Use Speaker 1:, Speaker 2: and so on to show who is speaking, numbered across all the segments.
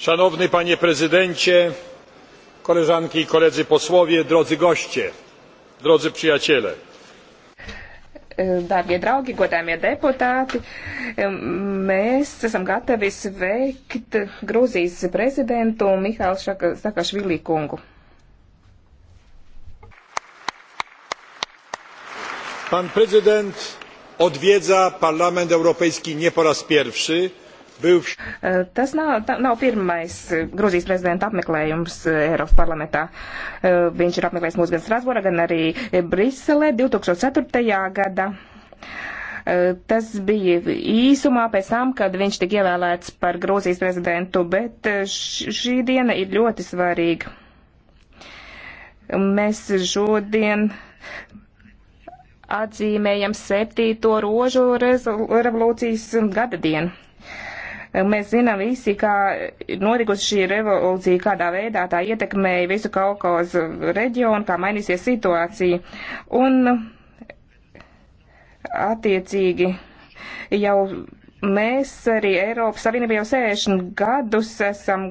Speaker 1: szanowny panie prezydencie koleżanki i koledzy posłowie drodzy goście drodzy przyjaciele
Speaker 2: Darbie draugi, godājumie deputāti, mēs esam gatavi sveikt Grūzijas prezidentu Mihālu Sakašvili kungu.
Speaker 1: Pan prezydent odwiedza Parlament Europejski nie po raz pierwszy. Eh,
Speaker 2: tas nav, nav pirmais eh, Grūzijas prezidenta apmeklējums eh, Eiropas parlamentā. Viņš ir apmeklējis mūs gan Strasbūrā, gan arī Briselē 2004. gadā. Tas bija īsumā pēc tam, kad viņš tika ievēlēts par Grūzijas prezidentu, bet šī diena ir ļoti svarīga. Mēs šodien atzīmējam septīto rožu revolūcijas gada dienu. Mēs zinām visi, kā notikusi šī revolūcija, kādā veidā tā ietekmēja visu Kaukazu reģionu, kā mainīsies situācija. Un attiecīgi jau mēs arī Eiropas Savienībā jau 60 gadus esam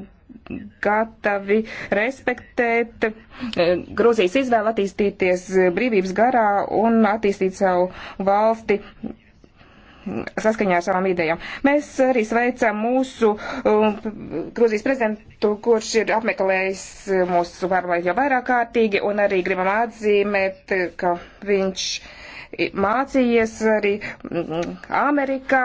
Speaker 2: gatavi respektēt e, Grūzijas izvēlu attīstīties brīvības garā un attīstīt savu valsti saskaņā ar savām idejām. Mēs arī sveicam mūsu um, Grūzijas prezidentu, kurš ir apmeklējis mūsu parlamentu jau vairāk kārtīgi, un arī gribam atzīmēt, ka viņš uh, mācījies arī mm, Amerikā.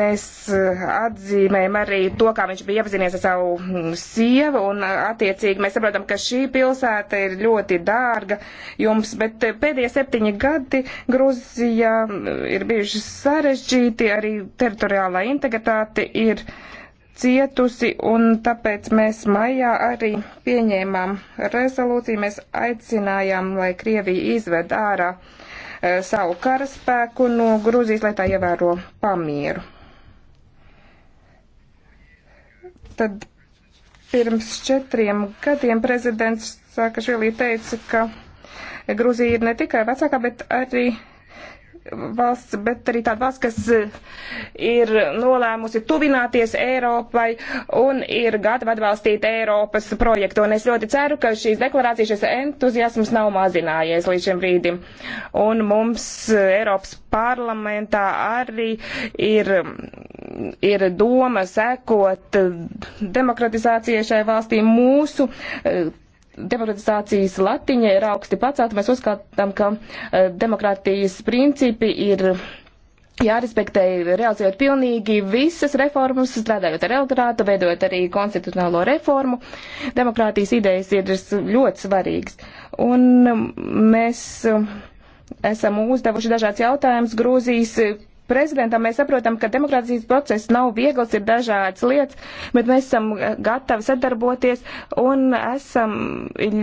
Speaker 2: Mēs eh, atzīmējam arī to, kā viņš bija iepazinies ar savu mm, sievu, un eh, attiecīgi mēs saprotam, ka šī pilsēta ir ļoti dārga jums, bet eh, pēdējie septiņi gadi Gruzijā mm, ir bijuši sarežģīti, arī teritoriālā integritāte ir cietusi, un tāpēc mēs maijā arī pieņēmām rezolūciju, mēs aicinājām, lai Krievija izved ārā uh, Eh, savu karaspēku no Grūzijas, lai tā ievēro pamieru. Tad pirms četriem gadiem prezidents Sakašvili teica, ka Grūzija ir ne tikai vecākā, bet arī valsts, bet arī tāda valsts, kas eh, ir nolēmusi tuvināties Eiropai un ir gatava atbalstīt Eiropas projektu. Un es ļoti ceru, ka šīs deklarācijas, šis entuziasms nav mazinājies līdz šim brīdim. Un mums eh, Eiropas parlamentā arī ir, ir doma sekot eh, demokratizācijai šai valstī mūsu demokratizācijas latiņa ir augsti pacēta. Mēs uzskatām, ka eh, demokrātijas principi ir jārespektē realizējot pilnīgi visas reformas, strādājot ar elektorātu, veidojot arī konstitucionālo reformu. Demokrātijas idejas ir ļoti svarīgas. Un mm, mēs eh, esam uzdevuši dažādas jautājumas Grūzijas prezidentam mēs saprotam, ka demokrātijas process nav viegls, ir dažādas lietas, bet mēs esam gatavi sadarboties un esam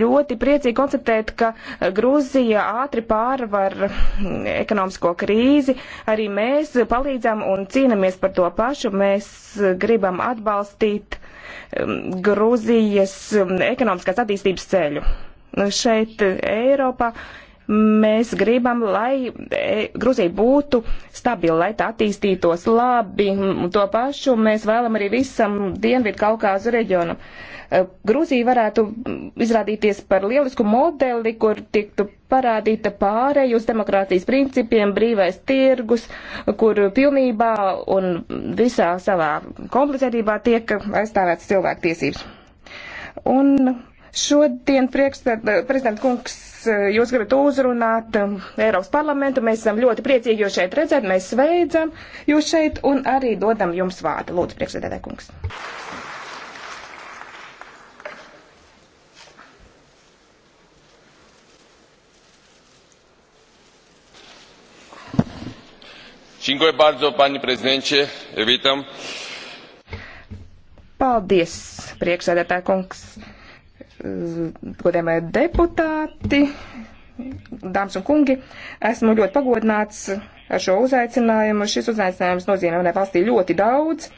Speaker 2: ļoti priecīgi konstatēt, ka Grūzija ātri pārvar ekonomisko krīzi. Arī mēs palīdzam un cīnamies par to pašu. Mēs gribam atbalstīt um, Grūzijas um, ekonomiskās attīstības ceļu. Šeit uh, Eiropā Mēs gribam, lai e, Gruzija būtu stabila, lai tā attīstītos labi. To pašu mēs vēlam arī visam Dienvidu Kaukāzu reģionam. E, Grūzija varētu izrādīties par lielisku modeli, kur tiktu parādīta pārēja uz demokrātijas principiem, brīvais tirgus, kur pilnībā un visā savā komplicētībā tiek aizstāvētas cilvēktiesības. Un Šodien prezidenta kungs, jūs gribat uzrunāt um, Eiropas parlamentu. Mēs esam ļoti priecīgi jūs šeit redzēt. Mēs sveidzam jūs šeit un arī dodam jums vārdu. Lūdzu, priekšsēdētāj kungs. Paldies, priekšsēdētāj kungs godējumie deputāti, dāmas un kungi, esmu ļoti pagodināts ar šo uzaicinājumu. Šis uzaicinājums nozīmē manai valstī ļoti daudz.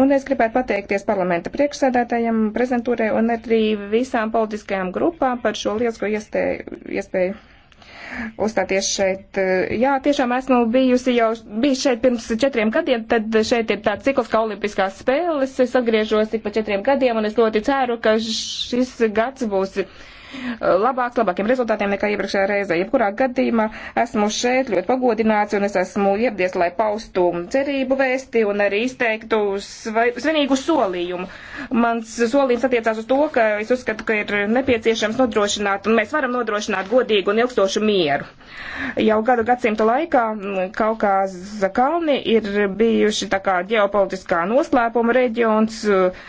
Speaker 2: Un es gribētu pateikties parlamenta priekšsēdētājiem, prezentūrai un arī visām politiskajām grupām par šo lielisko iespēju uzstāties šeit. E, jā, tiešām esmu bijusi jau bijis šeit pirms četriem gadiem, tad šeit ir tāds cikls kā olimpiskās spēles. Es atgriežos ik pa četriem gadiem un es ļoti ceru, ka šis gads būs labāks, labākiem rezultātiem nekā iepriekšējā reizē. Jebkurā gadījumā esmu šeit ļoti pagodināts un es esmu ieradies, lai paustu cerību vēsti un arī izteiktu svinīgu solījumu. Mans solījums attiecās uz to, ka es uzskatu, ka ir nepieciešams nodrošināt, un mēs varam nodrošināt godīgu un ilgstošu mieru. Jau gadu gadsimta laikā mm, Kaukāza kalni ir bijuši tā kā ģeopolitiskā noslēpuma reģions, uh,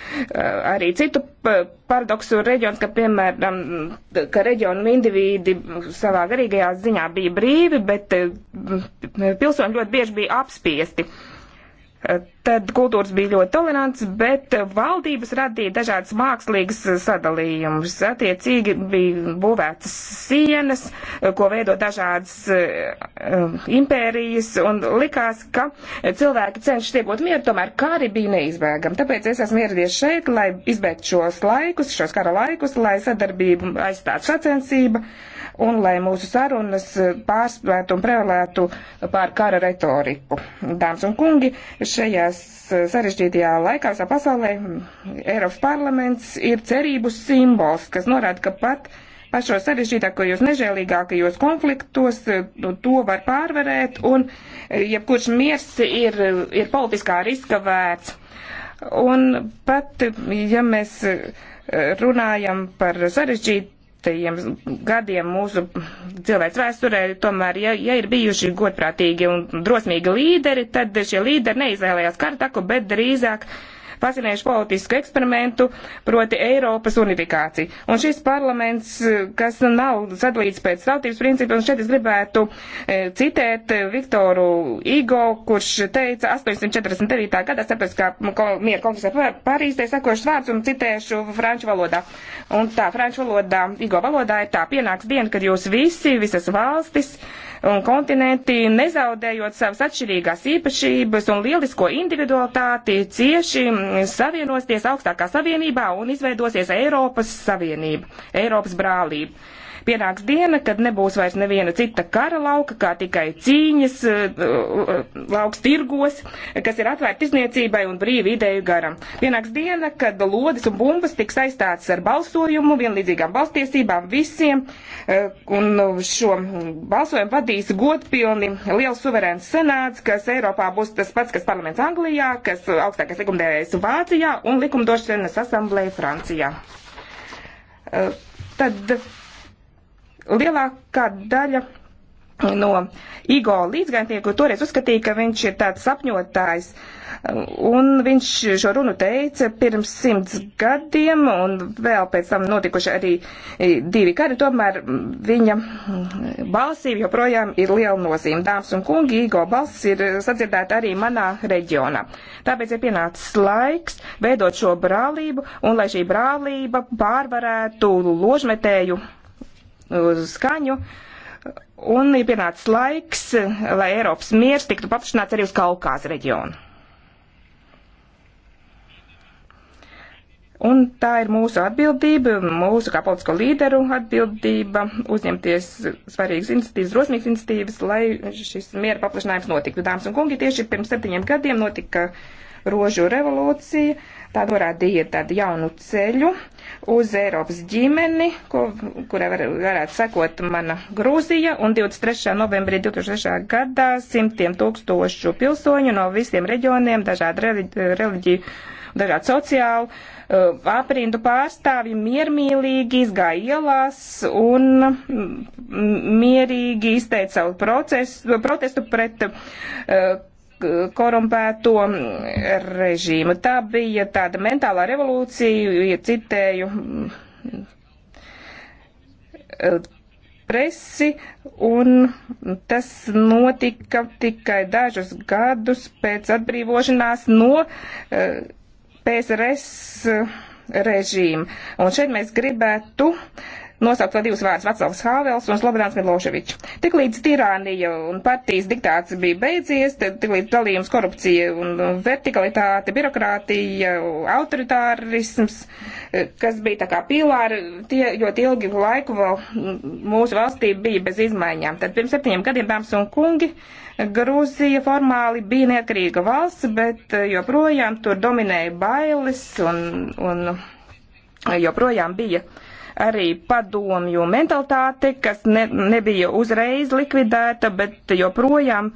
Speaker 2: arī citu paradoksu reģions, ka, piemēram, ka reģionu indivīdi savā garīgajā ziņā bija brīvi, bet mm, pilsoņi ļoti bieži bija apspiesti. Tad kultūras bija ļoti tolerants, bet valdības radīja dažādas mākslīgas sadalījumus. Attiecīgi bija būvētas sienas, ko veido dažādas eh, impērijas, un likās, ka cilvēki cenšas iegūt mieru, tomēr kari bija neizbēgami. Tāpēc es esmu ieradies šeit, lai izbēgtu šos laikus, šos kara laikus, lai sadarbību aizstātu sacensību un lai mūsu sarunas eh, pārspētu un prevalētu pār kara retoriku. Dāmas un kungi, šajās eh, sarežģītajā laikā visā pasaulē mm, Eiropas parlaments ir cerību simbols, kas norāda, ka pat pašos sarežģītākajos, nežēlīgākajos konfliktos eh, to var pārvarēt un jebkurš miers ir, ir politiskā riska vērts. Un pat, ja mēs runājam par sarežģītu desmitajiem gadiem mūsu cilvēks vēsturē, tomēr, ja, ja ir bijuši godprātīgi un drosmīgi līderi, tad šie līderi neizvēlējās kartaku, bet drīzāk uh, fascinējušu politisku eksperimentu, proti Eiropas unifikāciju. Un šis parlaments, eh, kas nav sadalīts pēc tautības principa, un šeit es gribētu e, citēt eh, Viktoru Igo, kurš teica 849. gadā starptautiskā miera kongresa Parīzē sakošas vārds un citēšu franču valodā. Un tā, franču valodā, Igo valodā ir tā pienāks diena, kad jūs visi, visas valstis, un kontinenti, nezaudējot savas atšķirīgās īpašības un lielisko individualitāti, cieši savienosties augstākā savienībā un izveidosies Eiropas Savienība, Eiropas brālība. Pienāks diena, kad nebūs vairs neviena cita kara lauka, kā tikai cīņas eh, eh, lauks tirgos, kas ir atvērti izniecībai un brīvi ideju garam. Pienāks diena, kad lodes un bumbas tiks aizstātas ar balsojumu, vienlīdzīgām balstiesībām visiem, eh, un šo balsojumu vadīs godpilni liels suverēns senāts, kas Eiropā būs tas pats, kas parlaments Anglijā, kas augstākais likumdevējs Vācijā un likumdošanas asamblēja Francijā. Tad Lielākā daļa no Igo līdzgaitnieku toreiz uzskatīja, ka viņš ir tāds sapņotājs. Un viņš šo runu teica pirms simts gadiem, un vēl pēc tam notikuši arī divi kari. Tomēr viņa balsī joprojām ir liela nozīme. Dāmas un kungi, Igo balss ir sadzirdēta arī manā reģionā. Tāpēc ir pienācis laiks veidot šo brālību, un lai šī brālība pārvarētu ložmetēju skaņu. Un ir pienācis laiks, lai Eiropas miers tiktu paplašināts arī uz Kaukāza reģionu. Un tā ir mūsu atbildība, mūsu kā politisko līderu atbildība uzņemties svarīgas iniciatīvas, drosmīgas iniciatīvas, lai šis miera paplašinājums notiktu. Dāmas un kungi, tieši pirms septiņiem gadiem notika rožu revolūcija. Tā norādīja tādu jaunu ceļu uz Eiropas ģimeni, ko, kurai var, varētu sekot mana Grūzija, un 23. novembrī 2003. gadā simtiem tūkstošu pilsoņu no visiem reģioniem, dažādu reliģiju, dažādu sociālu uh, aprindu pārstāvji miermīlīgi izgāja ielās un mm, mierīgi izteica savu procesu, protestu pret uh, korumpēto režīmu. Tā bija tāda mentālā revolūcija, ja citēju mm, presi, un tas notika tikai dažus gadus pēc atbrīvošanās no eh, PSRS eh, režīma. Un šeit mēs gribētu uh, nosaukt vēl divus vārdus - Vaclavs Hāvels un Slobodāns Miloševičs. Tiklīdz tirānija un partijas diktāts bija beidzies, tiklīdz dalījums korupcija un vertikalitāte, birokrātija, autoritārisms, kas bija tā kā pīlāri, tie ļoti ilgi laiku vēl mūsu valstī bija bez izmaiņām. Tad pirms septiņiem gadiem, dāmas un kungi, Grūzija formāli bija neatkarīga valsts, bet eh, joprojām tur dominēja bailes un, un eh, joprojām bija uh, arī padomju mentalitāti, kas ne, nebija uzreiz likvidēta, bet joprojām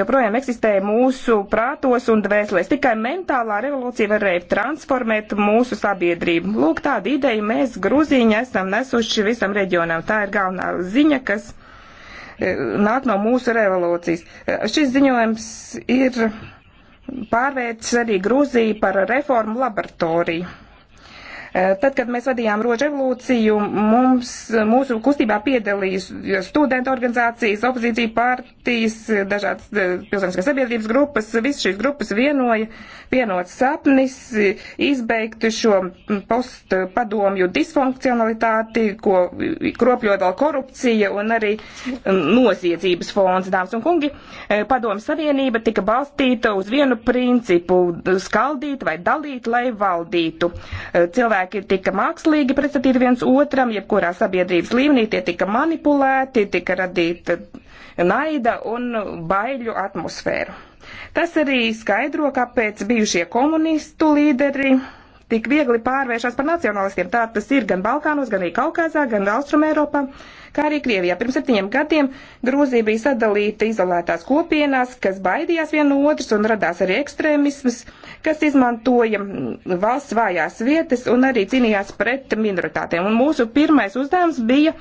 Speaker 2: joprojām eksistēja mūsu prātos un dvēselēs. Tikai mentālā revolūcija varēja transformēt mūsu sabiedrību. Lūk, tādu ideju mēs Gruzīņu esam nesuši visam reģionam. Tā ir galvenā ziņa, kas e, nāk no mūsu revolūcijas. E, šis ziņojums ir pārvērts arī Grūziju par reformu laboratoriju. Eh, tad, kad mēs vadījām rožu revolūciju, mums, eh, mūsu kustībā piedalījās studenta organizācijas, opozīcija partijas, eh, dažādas pilsoniskās sabiedrības grupas. Visas šīs grupas vienoja, vienots sapnis, izbeigt šo mm, postpadomju disfunkcionalitāti, ko kropļot vēl korupcija un arī mm, noziedzības fonds, dāmas un kungi. Padomju savienība tika balstīta uz vienu principu - skaldīt vai dalīt, lai valdītu. Cilvēki cilvēki tika mākslīgi pretstatīti viens otram, jebkurā sabiedrības līmenī tie tika manipulēti, tika radīta naida un baiļu atmosfēru. Tas arī skaidro, kāpēc bijušie komunistu līderi tik viegli pārvēršas par nacionalistiem. Tā tas ir gan Balkānos, gan arī Kaukazā, gan Austrum Eiropā. Uh, kā arī Krievijā. Pirms septiņiem gadiem Grūzija bija sadalīta izolētās kopienās, kas baidījās viena no otras un radās arī ekstrēmisms, kas izmantoja mm, valsts vājās vietas un arī cīnījās pret minoritātēm. Un mūsu pirmais uzdevums bija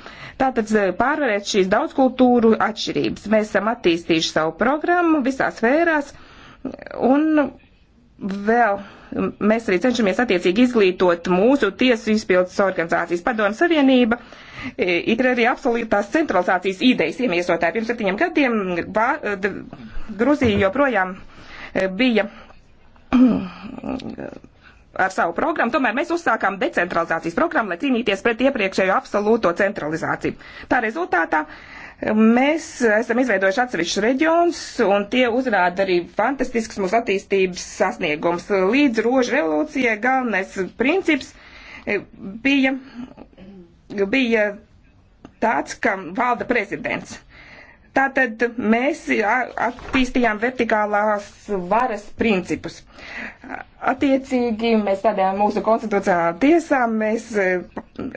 Speaker 2: tātad eh, pārvarēt šīs daudzkultūru atšķirības. Mēs esam attīstījuši savu programmu visās sfērās un vēl mēs arī cenšamies attiecīgi izglītot mūsu tiesu izpildes organizācijas padomu savienība. E, ir arī absolūtās centralizācijas idejas iemiesotāji. Pirms septiņiem gadiem bā, Gruzija joprojām e, bija ar savu programmu, tomēr mēs uzsākām decentralizācijas programmu, lai cīnīties pret iepriekšējo absolūto centralizāciju. Tā rezultātā Mēs esam izveidojuši atsevišķus reģionus, un tie uzrāda arī fantastisks mūsu attīstības sasniegums. Līdz rožu revolūcijai galvenais princips eh, bija, bija tāds, ka valda prezidents. Tātad mēs attīstījām vertikālās varas principus. Attiecīgi mēs tādā mūsu konstitucionālā tiesā, mēs e,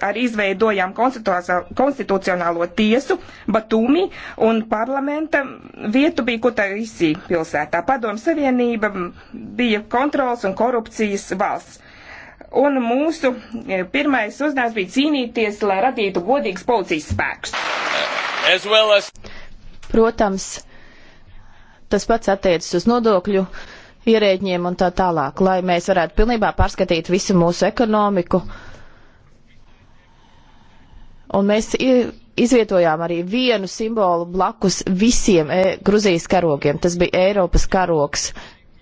Speaker 2: arī izveidojām konstitucionālo tiesu Batumi un parlamenta vietu bija Kutaisi pilsētā. Padomu Savienība bija kontrols un korupcijas valsts. Un mūsu e, pirmais uzdevums bija cīnīties, lai radītu godīgs policijas spēks. As well as...
Speaker 1: Protams, tas pats attiecas uz nodokļu ierēģiem un tā tālāk, lai mēs varētu pilnībā pārskatīt visu mūsu ekonomiku. Un mēs izvietojām arī vienu simbolu blakus visiem e Gruzijas karogiem. Tas bija Eiropas karoks.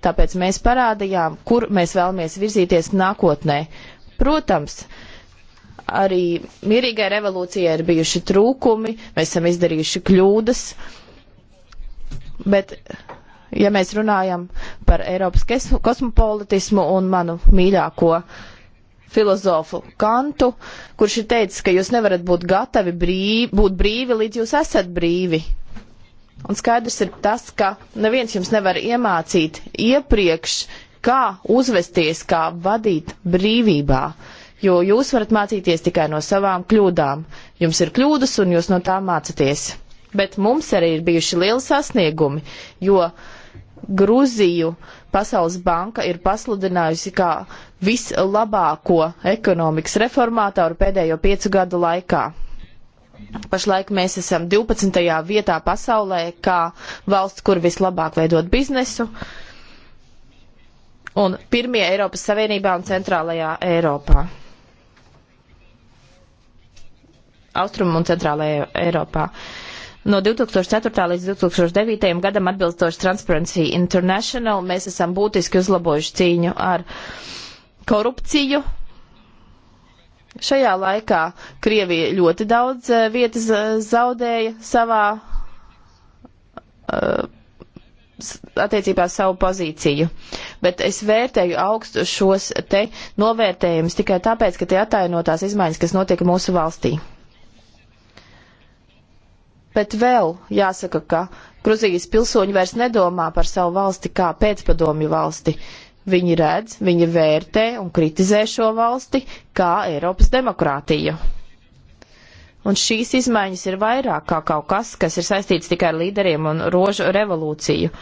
Speaker 1: Tāpēc mēs parādījām, kur mēs vēlamies virzīties nākotnē. Protams, arī mierīgai revolūcijai ir bijuši trūkumi, mēs esam izdarījuši kļūdas. Uh, Bet, ja mēs runājam par Eiropas kosmopolitismu un manu mīļāko filozofu Kantu, kurš ir teicis, ka jūs nevarat būt gatavi brīvi, būt brīvi, līdz jūs esat brīvi. Un skaidrs ir tas, ka neviens jums nevar iemācīt iepriekš, kā uzvesties, kā vadīt brīvībā, jo jūs varat mācīties tikai no savām kļūdām. Jums ir kļūdas un jūs no tām mācaties. Bet mums arī ir bijuši lieli sasniegumi, jo Gruziju Pasaules banka ir pasludinājusi kā vislabāko ekonomikas reformātoru pēdējo piecu gadu laikā. Pašlaik mēs esam 12. vietā pasaulē, kā valsts, kur vislabāk veidot biznesu, un pirmie Eiropas Savienībā un Centrālajā Eiropā. Austrum un Centrālajā Eiropā. Uh, No 2004. līdz 2009. gadam atbilstoši Transparency International mēs esam būtiski uzlabojuši cīņu ar korupciju. Šajā laikā Krievija ļoti daudz eh, vietas eh, zaudēja savā eh, attiecībā savu pozīciju. Bet es vērtēju augstu šos te novērtējumus tikai tāpēc, ka tie ataino tās izmaiņas, kas notiek mūsu valstī. Bet vēl jāsaka, ka Gruzijas pilsoņi vairs nedomā par savu valsti kā pēcpadomju valsti. Viņi redz, viņi vērtē un kritizē šo valsti kā Eiropas demokrātiju. Un šīs izmaiņas ir vairāk kā kaut kas, kas ir saistīts tikai ar līderiem un rožu revolūciju.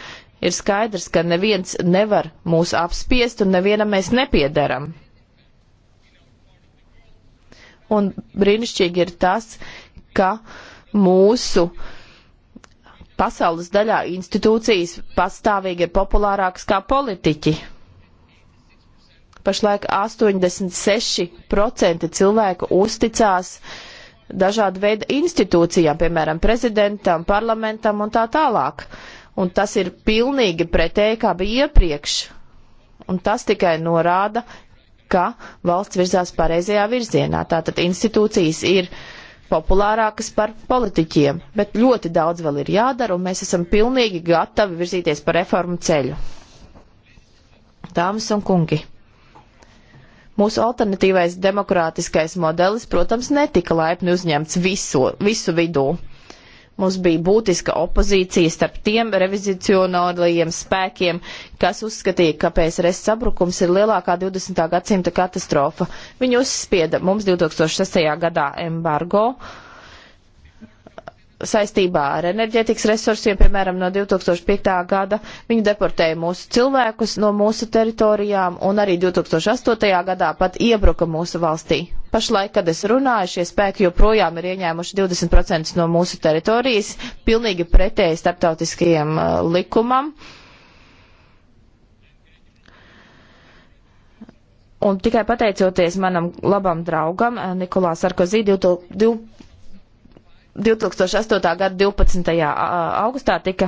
Speaker 1: Ir skaidrs, ka neviens nevar mūs apspiest un nevienam mēs nepiedaram. Un brīnišķīgi ir tas, ka uh, mūsu pasaules daļā institūcijas pastāvīgi ir populārākas kā politiķi. Pašlaik 86% cilvēku uzticās dažādu veidu institūcijām, piemēram, prezidentam, parlamentam un tā tālāk. Un tas ir pilnīgi pretēji, kā bija iepriekš. Un tas tikai norāda, ka valsts virzās pareizajā virzienā. Tātad institūcijas ir uh, populārākas par politiķiem, bet ļoti daudz vēl ir jādara, un mēs esam pilnīgi gatavi virzīties pa reformu ceļu. Dāmas un kungi, mūsu alternatīvais demokrātiskais modelis, protams, netika laipni uzņemts visu, visu vidū. Mums bija būtiska opozīcija starp tiem revizicionālajiem spēkiem, kas uzskatīja, ka PSRS sabrukums ir lielākā 20. gadsimta katastrofa. Viņi uzspieda mums 2006. gadā embargo saistībā ar enerģētikas resursiem, piemēram, no 2005. gada. Viņi deportēja mūsu cilvēkus no mūsu teritorijām un arī 2008. gadā pat iebruka mūsu valstī. Pašlaik, kad es runāju, šie spēki joprojām ir ieņēmuši 20% no mūsu teritorijas, pilnīgi pretēji starptautiskajiem uh, likumam. Un tikai pateicoties manam labam draugam uh, Nikolā Sarkozī 2008. gada 12. augustā tika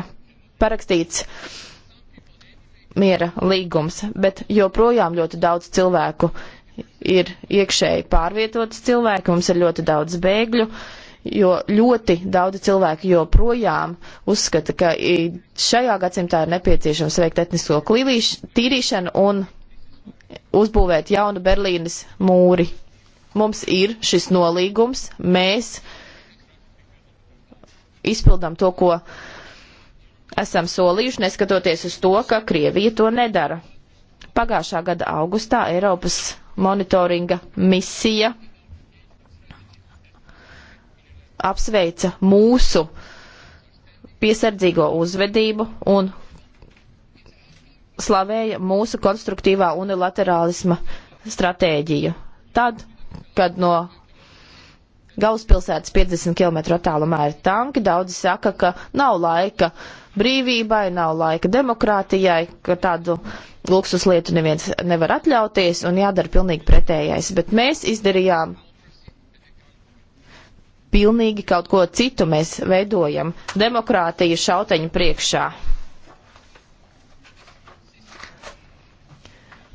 Speaker 1: parakstīts miera līgums, bet joprojām ļoti daudz cilvēku ir iekšēji pārvietotas cilvēki, mums ir ļoti daudz bēgļu, jo ļoti daudzi cilvēki joprojām uzskata, ka šajā gadsimtā ir nepieciešams veikt etnisko klīlīš, tīrīšanu un uzbūvēt jaunu Berlīnes mūri. Mums ir šis nolīgums, mēs izpildam to, ko esam solījuši, neskatoties uz to, ka Krievija to nedara. Pagājušā gada augustā Eiropas monitoringa misija apsveica mūsu piesardzīgo uzvedību un slavēja mūsu konstruktīvā unilaterālisma stratēģiju. Tad, kad no galvaspilsētas 50 km attālumā ir tanki. Daudzi saka, ka nav laika brīvībai, nav laika demokrātijai, ka tādu luksus lietu neviens nevar atļauties un jādara pilnīgi pretējais. Bet mēs izdarījām pilnīgi kaut ko citu. Mēs veidojam demokrātiju šauteņu priekšā.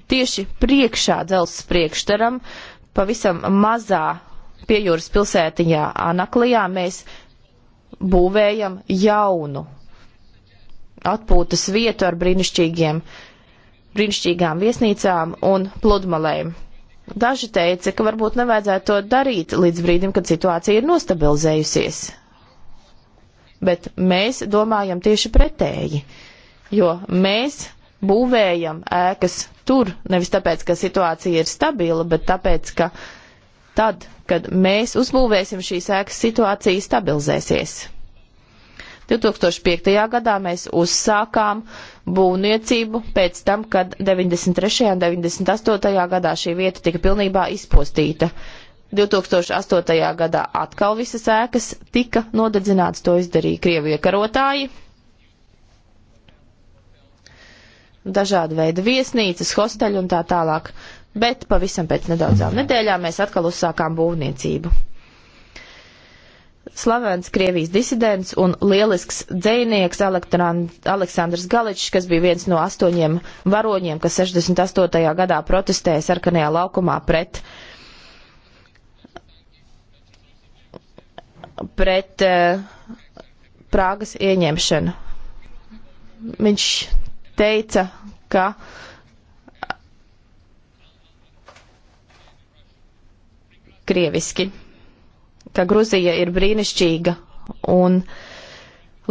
Speaker 1: Tieši priekšā dzelzs priekštaram pavisam mazā pie jūras pilsētiņā Anaklijā mēs būvējam jaunu atpūtas vietu ar brīnišķīgiem, brīnišķīgām viesnīcām un pludmalēm. Daži teica, ka varbūt nevajadzētu to darīt līdz brīdim, kad situācija ir nostabilizējusies. Bet mēs domājam tieši pretēji, jo mēs būvējam ēkas tur nevis tāpēc, ka situācija ir stabila, bet tāpēc, ka uh, Tad, kad mēs uzbūvēsim šīs ēkas, situācija stabilizēsies. 2005. gadā mēs uzsākām būvniecību pēc tam, kad 93. un 98. gadā šī vieta tika pilnībā izpostīta. 2008. gadā atkal visas ēkas tika nodedzināts, to izdarīja Krievu iekarotāji. Dažādi veidi viesnīcas, hosteļi un tā tālāk bet pavisam pēc nedaudzām nedēļām mēs atkal uzsākām būvniecību. Slavens Krievijas disidents un lielisks dzēnieks Aleksandrs Galičs, kas bija viens no astoņiem varoņiem, kas 68. gadā protestēja sarkanajā laukumā pret, pret eh, Prāgas ieņemšanu. Viņš teica, ka uh, krieviski, ka Gruzija ir brīnišķīga un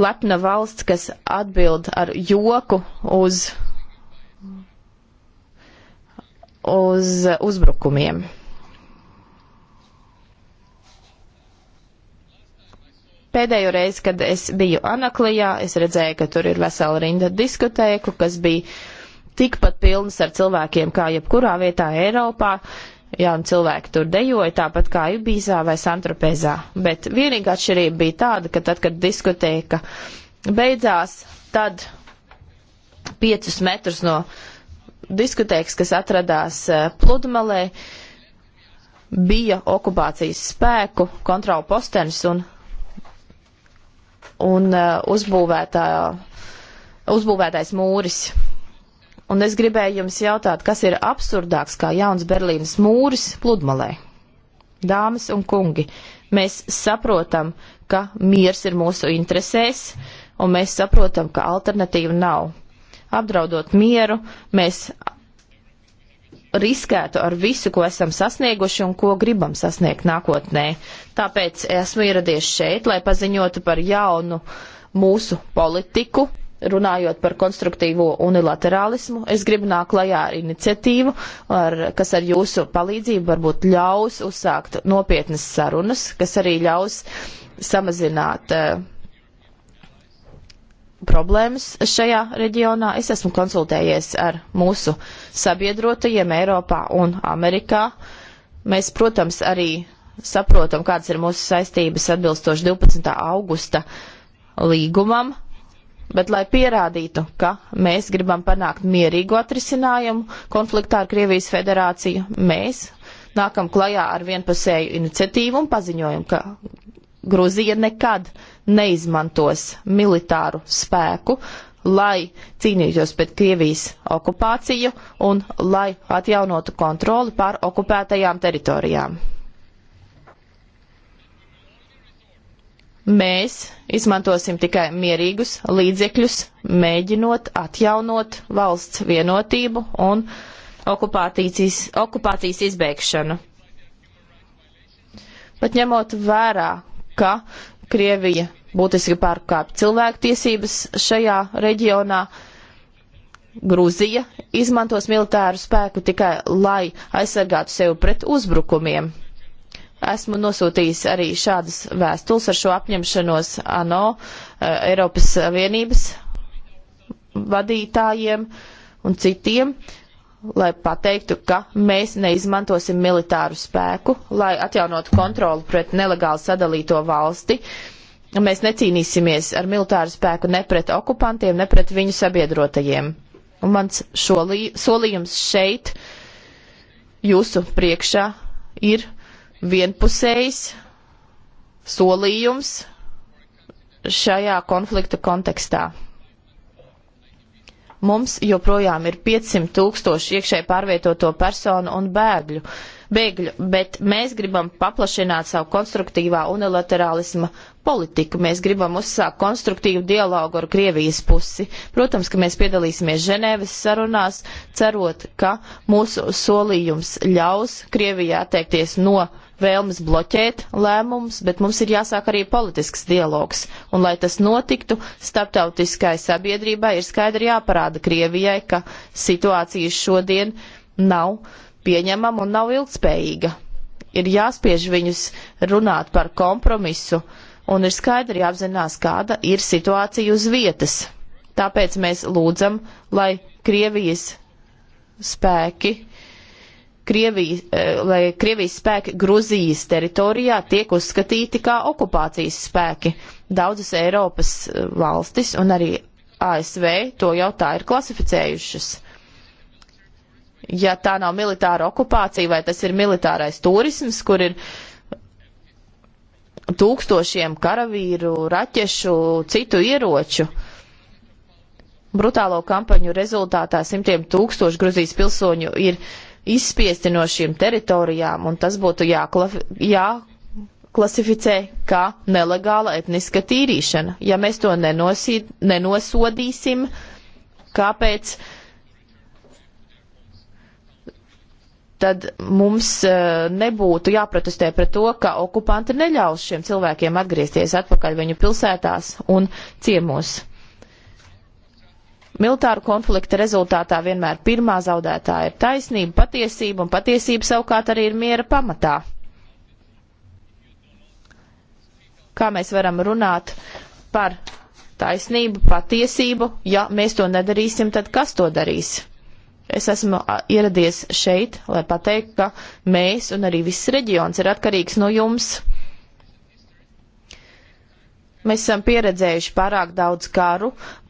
Speaker 1: lepna valsts, kas atbild ar joku uz, uz uzbrukumiem. Pēdējo reizi, kad es biju Anaklijā, es redzēju, ka tur ir vesela rinda diskotēku, kas bija tikpat pilnas ar cilvēkiem kā jebkurā vietā Eiropā. Uh, jauni cilvēki tur dejoja, tāpat kā Ibīzā vai Santropezā. Bet vienīgā atšķirība bija tāda, ka tad, kad diskotēka beidzās, tad piecus metrus no diskotēkas, kas atradās eh, pludmalē, bija okupācijas spēku kontrola postenis un, un eh, uzbūvētā, uzbūvētais mūris. Un es gribēju jums jautāt, kas ir absurdāks kā jauns Berlīnas mūris pludmalē? Dāmas un kungi, mēs saprotam, ka miers ir mūsu interesēs, un mēs saprotam, ka alternatīva nav. Apdraudot mieru, mēs riskētu ar visu, ko esam sasnieguši un ko gribam sasniegt nākotnē. Tāpēc esmu ieradies šeit, lai paziņotu par jaunu mūsu politiku, runājot par konstruktīvo unilaterālismu. Es gribu nākt klajā ar iniciatīvu, ar, kas ar jūsu palīdzību varbūt ļaus uzsākt nopietnas sarunas, kas arī ļaus samazināt uh, problēmas šajā reģionā. Es esmu konsultējies ar mūsu sabiedrotajiem Eiropā un Amerikā. Mēs, protams, arī saprotam, kādas ir mūsu saistības atbilstoši 12. augusta līgumam. Bet, lai pierādītu, ka mēs gribam panākt mierīgu atrisinājumu konfliktā ar Krievijas federāciju, mēs nākam klajā ar vienpusēju iniciatīvu un paziņojam, ka Gruzija nekad neizmantos militāru spēku, lai cīnītos pret Krievijas okupāciju un lai atjaunotu kontroli pār okupētajām teritorijām. mēs izmantosim tikai mierīgus līdzekļus, mēģinot atjaunot valsts vienotību un okupācijas, okupācijas izbēgšanu. Pat ņemot vērā, ka Krievija būtiski pārkāp cilvēktiesības šajā reģionā, Grūzija izmantos militāru spēku tikai, lai aizsargātu sevi pret uzbrukumiem. Esmu nosūtījis arī šādas vēstules ar šo apņemšanos ANO eh, Eiropas Savienības vadītājiem un citiem, lai pateiktu, ka mēs neizmantosim militāru spēku, lai atjaunotu kontroli pret nelegāli sadalīto valsti. Mēs necīnīsimies ar militāru spēku ne pret okupantiem, ne pret viņu sabiedrotajiem. Un mans šolī, solījums šeit, jūsu priekšā, ir vienpusējs solījums šajā konflikta kontekstā. Mums joprojām ir 500 tūkstoši iekšēji pārvietoto personu un bēgļu, bēgļu, bet mēs gribam paplašināt savu konstruktīvā unilaterālisma politiku. Mēs gribam uzsākt konstruktīvu dialogu ar Krievijas pusi. Protams, ka mēs piedalīsimies Ženēvis sarunās, cerot, ka mūsu solījums ļaus Krievijai atteikties no uh, vēlmes bloķēt lēmumus, bet mums ir jāsāk arī politisks dialogs. Un, lai tas notiktu, starptautiskai sabiedrībai ir skaidri jāparāda Krievijai, ka situācija šodien nav pieņemama un nav ilgspējīga. Ir jāspiež viņus runāt par kompromisu un ir skaidri jāapzinās, kāda ir situācija uz vietas. Tāpēc mēs lūdzam, lai Krievijas spēki Krievijas, eh, lai Krievijas spēki Gruzijas teritorijā tiek uzskatīti kā okupācijas spēki. Daudzas Eiropas eh, valstis un arī ASV to jau tā ir klasificējušas. Ja tā nav militāra okupācija, vai tas ir militārais turisms, kur ir tūkstošiem karavīru, raķešu, citu ieroču. Brutālo kampaņu rezultātā simtiem tūkstošu Gruzijas pilsoņu ir uh, izspiesti no šīm teritorijām, un tas būtu jāklasificē kā nelegāla etniska tīrīšana. Ja mēs to nenosīd, nenosodīsim, kāpēc tad mums eh, nebūtu jāprotestē pret to, ka okupanti neļaus šiem cilvēkiem atgriezties atpakaļ viņu pilsētās un ciemos militāru konfliktu rezultātā vienmēr pirmā zaudētāja ir taisnība, patiesība, un patiesība savukārt arī ir miera pamatā. Kā mēs varam runāt par taisnību, patiesību, ja mēs to nedarīsim, tad kas to darīs? Es esmu ieradies šeit, lai pateiktu, ka mēs un arī viss reģions ir atkarīgs no jums. Mēs esam pieredzējuši pārāk daudz karu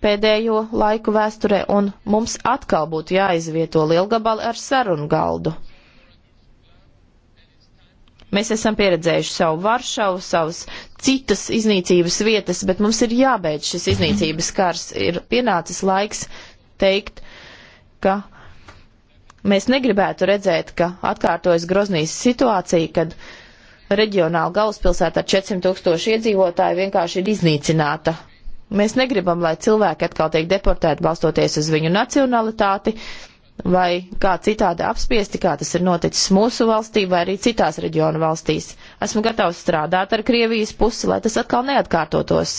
Speaker 1: pēdējo laiku vēsturē, un mums atkal būtu jāizvieto lielgabali ar sarunu galdu. Mēs esam pieredzējuši savu Varšavu, savas citas iznīcības vietas, bet mums ir jābeidz šis iznīcības kars. Ir pienācis laiks teikt, ka mēs negribētu redzēt, ka atkārtojas Groznijas situācija, kad reģionāla galvaspilsēta ar 400 tūkstošu iedzīvotāju vienkārši ir iznīcināta. Mēs negribam, lai cilvēki atkal tiek deportēti balstoties uz viņu nacionalitāti vai kā citādi apspiesti, kā tas ir noticis mūsu valstī vai arī citās reģionu valstīs. Esmu gatavs strādāt ar Krievijas pusi, lai tas atkal neatkārtotos.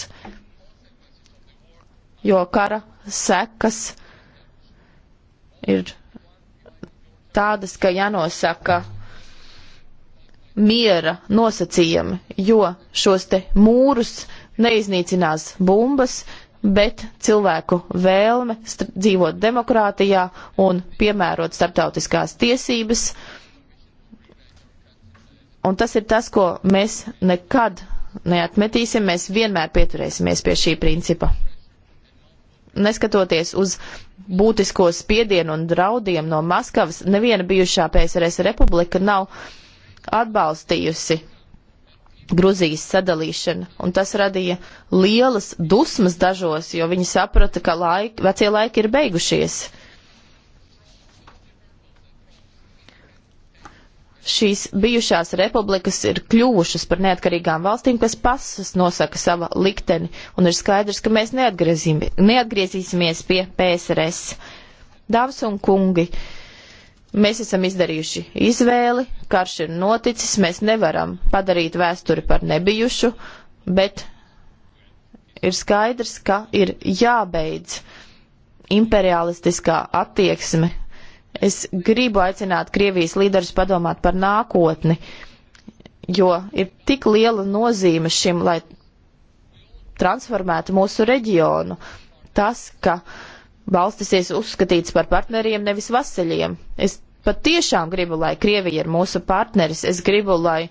Speaker 1: Jo kara sekas ir tādas, ka jānosaka miera nosacījumi, jo šos te mūrus neiznīcinās bumbas, bet cilvēku vēlme dzīvot demokrātijā un piemērot starptautiskās tiesības. Un tas ir tas, ko mēs nekad neatmetīsim, mēs vienmēr pieturēsimies pie šī principa. Neskatoties uz būtisko spiedienu un draudiem no Maskavas, neviena bijušā PSRS republika nav uh, atbalstījusi Gruzijas sadalīšanu, un tas radīja lielas dusmas dažos, jo viņi saprata, ka laik, vecie laiki ir beigušies. Šīs bijušās republikas ir kļuvušas par neatkarīgām valstīm, kas pasas nosaka sava likteni, un ir skaidrs, ka mēs neatgriezīsimies pie PSRS. Dāmas un kungi, uh, Mēs esam izdarījuši izvēli, karš ir noticis, mēs nevaram padarīt vēsturi par nebijušu, bet ir skaidrs, ka ir jābeidz imperialistiskā attieksme. Es gribu aicināt Krievijas līderus padomāt par nākotni, jo ir tik liela nozīme šim, lai transformētu mūsu reģionu. Tas, ka uh, valstis uzskatīts par partneriem, nevis vasaļiem. Es pat tiešām gribu, lai Krievija ir mūsu partneris. Es gribu, lai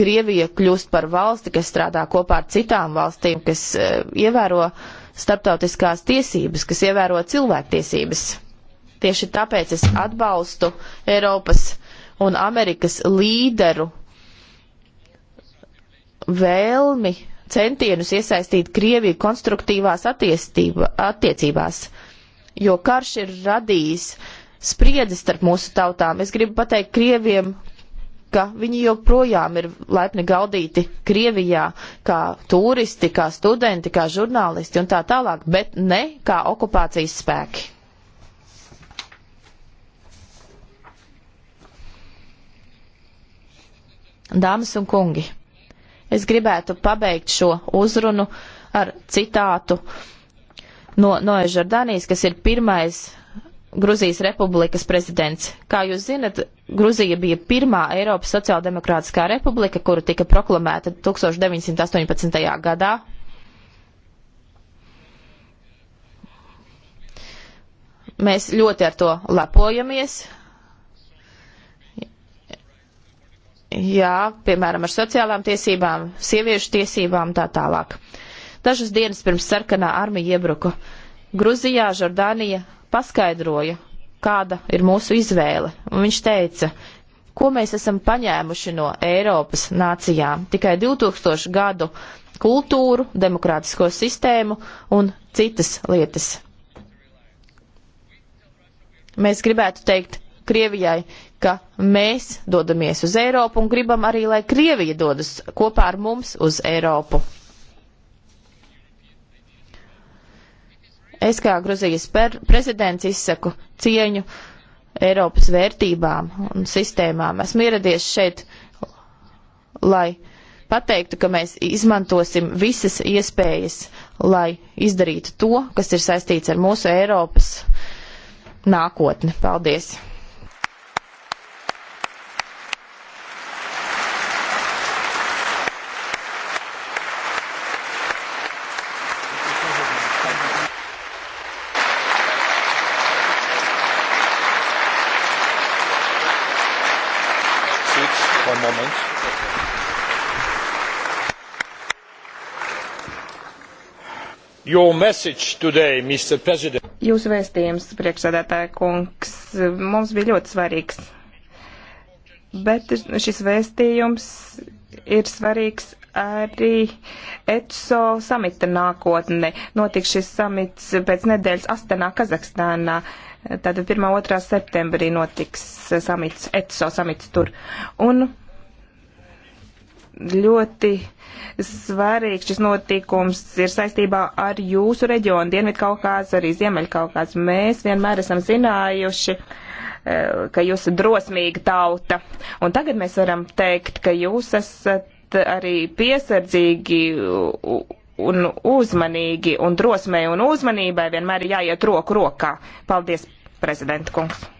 Speaker 1: Krievija kļūst par valsti, kas strādā kopā ar citām valstīm, kas uh, ievēro starptautiskās tiesības, kas ievēro cilvēktiesības. Tieši tāpēc es atbalstu Eiropas un Amerikas līderu vēlmi centienus iesaistīt Krieviju konstruktīvās attiecībās jo karš ir radījis spriedzi starp mūsu tautām. Es gribu pateikt Krieviem, ka viņi joprojām ir laipni gaudīti Krievijā kā turisti, kā studenti, kā žurnālisti un tā tālāk, bet ne kā okupācijas spēki. Dāmas un kungi, es gribētu pabeigt šo uzrunu ar citātu no Noja Žardānijas, kas ir pirmais Gruzijas republikas prezidents. Kā jūs zinat, Gruzija bija pirmā Eiropas sociāldemokrātiskā republika, kura tika proklamēta 1918. gadā. Mēs ļoti ar to lepojamies. Jā, piemēram, ar sociālām tiesībām, sieviešu tiesībām tā tālāk. Uh, Dažas dienas pirms sarkanā armija iebruka Gruzijā, Jordānija paskaidroja, kāda ir mūsu izvēle, un viņš teica, ko mēs esam paņēmuši no Eiropas nācijām - tikai 2000 gadu kultūru, demokrātisko sistēmu un citas lietas. Mēs gribētu teikt Krievijai, ka mēs dodamies uz Eiropu un gribam arī, lai Krievija dodas kopā ar mums uz Eiropu. Es kā Gruzijas prezidents izsaku cieņu Eiropas vērtībām un sistēmām. Esmu ieradies šeit, lai pateiktu, ka mēs izmantosim visas iespējas, lai izdarītu to, kas ir saistīts ar mūsu Eiropas nākotni. Paldies! Today,
Speaker 2: Jūsu vēstījums, priekšsēdētāja kungs, mums bija ļoti svarīgs. Bet šis vēstījums ir svarīgs arī ETSO samita nākotne. Notiks šis samits pēc nedēļas Astenā, Kazahstānā. Tātad 1. 2. septembrī notiks samits, ETSO samits tur. Un ļoti svarīgs šis notikums ir saistībā ar jūsu reģionu, Dienvidkaukāzu, arī Ziemeļkaukāzu. Mēs vienmēr esam zinājuši, eh, ka jūs esat drosmīga tauta. Un tagad mēs varam teikt, ka jūs esat arī piesardzīgi un uzmanīgi, un drosmei un uzmanībai vienmēr ir jāiet roku rokā. Paldies, prezidenta kungs!